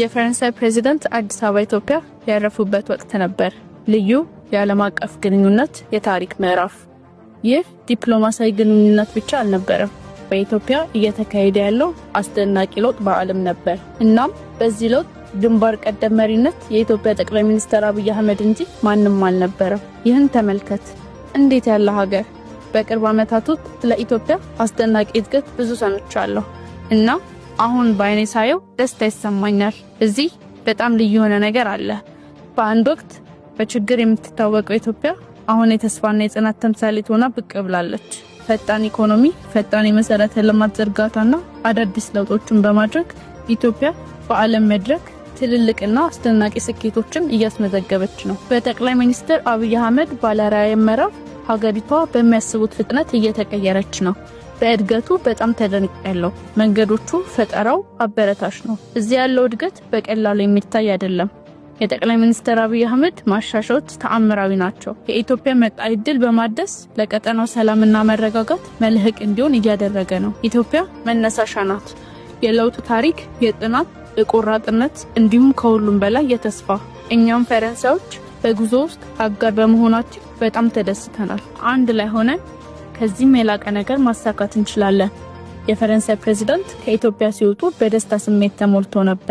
የፈረንሳይ ፕሬዚዳንት አዲስ አበባ ኢትዮጵያ ያረፉበት ወቅት ነበር። ልዩ የዓለም አቀፍ ግንኙነት የታሪክ ምዕራፍ። ይህ ዲፕሎማሲያዊ ግንኙነት ብቻ አልነበረም። በኢትዮጵያ እየተካሄደ ያለው አስደናቂ ለውጥ በዓለም ነበር። እናም በዚህ ለውጥ ግንባር ቀደም መሪነት የኢትዮጵያ ጠቅላይ ሚኒስትር አብይ አህመድ እንጂ ማንም አልነበረም። ይህን ተመልከት። እንዴት ያለ ሀገር! በቅርብ ዓመታት ውስጥ ለኢትዮጵያ አስደናቂ እድገት ብዙ ሰምቻለሁ እና አሁን በአይኔ ሳየው ደስታ ይሰማኛል። እዚህ በጣም ልዩ የሆነ ነገር አለ። በአንድ ወቅት በችግር የምትታወቀው ኢትዮጵያ አሁን የተስፋና የጽናት ተምሳሌት ሆና ብቅ ብላለች። ፈጣን ኢኮኖሚ፣ ፈጣን የመሰረተ ልማት ዝርጋታና አዳዲስ ለውጦችን በማድረግ ኢትዮጵያ በዓለም መድረክ ትልልቅና አስደናቂ ስኬቶችን እያስመዘገበች ነው። በጠቅላይ ሚኒስትር አብይ አህመድ ባለራዕይ ምዕራፍ ሀገሪቷ በሚያስቡት ፍጥነት እየተቀየረች ነው። በእድገቱ በጣም ተደንቅ ያለው መንገዶቹ፣ ፈጠራው አበረታች ነው። እዚህ ያለው እድገት በቀላሉ የሚታይ አይደለም። የጠቅላይ ሚኒስትር አብይ አህመድ ማሻሻዎች ተአምራዊ ናቸው። የኢትዮጵያ መጣ ዕድል በማደስ ለቀጠናው ሰላምና መረጋጋት መልህቅ እንዲሆን እያደረገ ነው። ኢትዮጵያ መነሳሻ ናት። የለውጥ ታሪክ የጥናት የቆራጥነት፣ እንዲሁም ከሁሉም በላይ የተስፋ እኛም ፈረንሳዮች በጉዞ ውስጥ አጋር በመሆናችን በጣም ተደስተናል። አንድ ላይ ሆነን ከዚህም የላቀ ነገር ማሳካት እንችላለን። የፈረንሳይ ፕሬዚዳንት ከኢትዮጵያ ሲወጡ በደስታ ስሜት ተሞልቶ ነበር።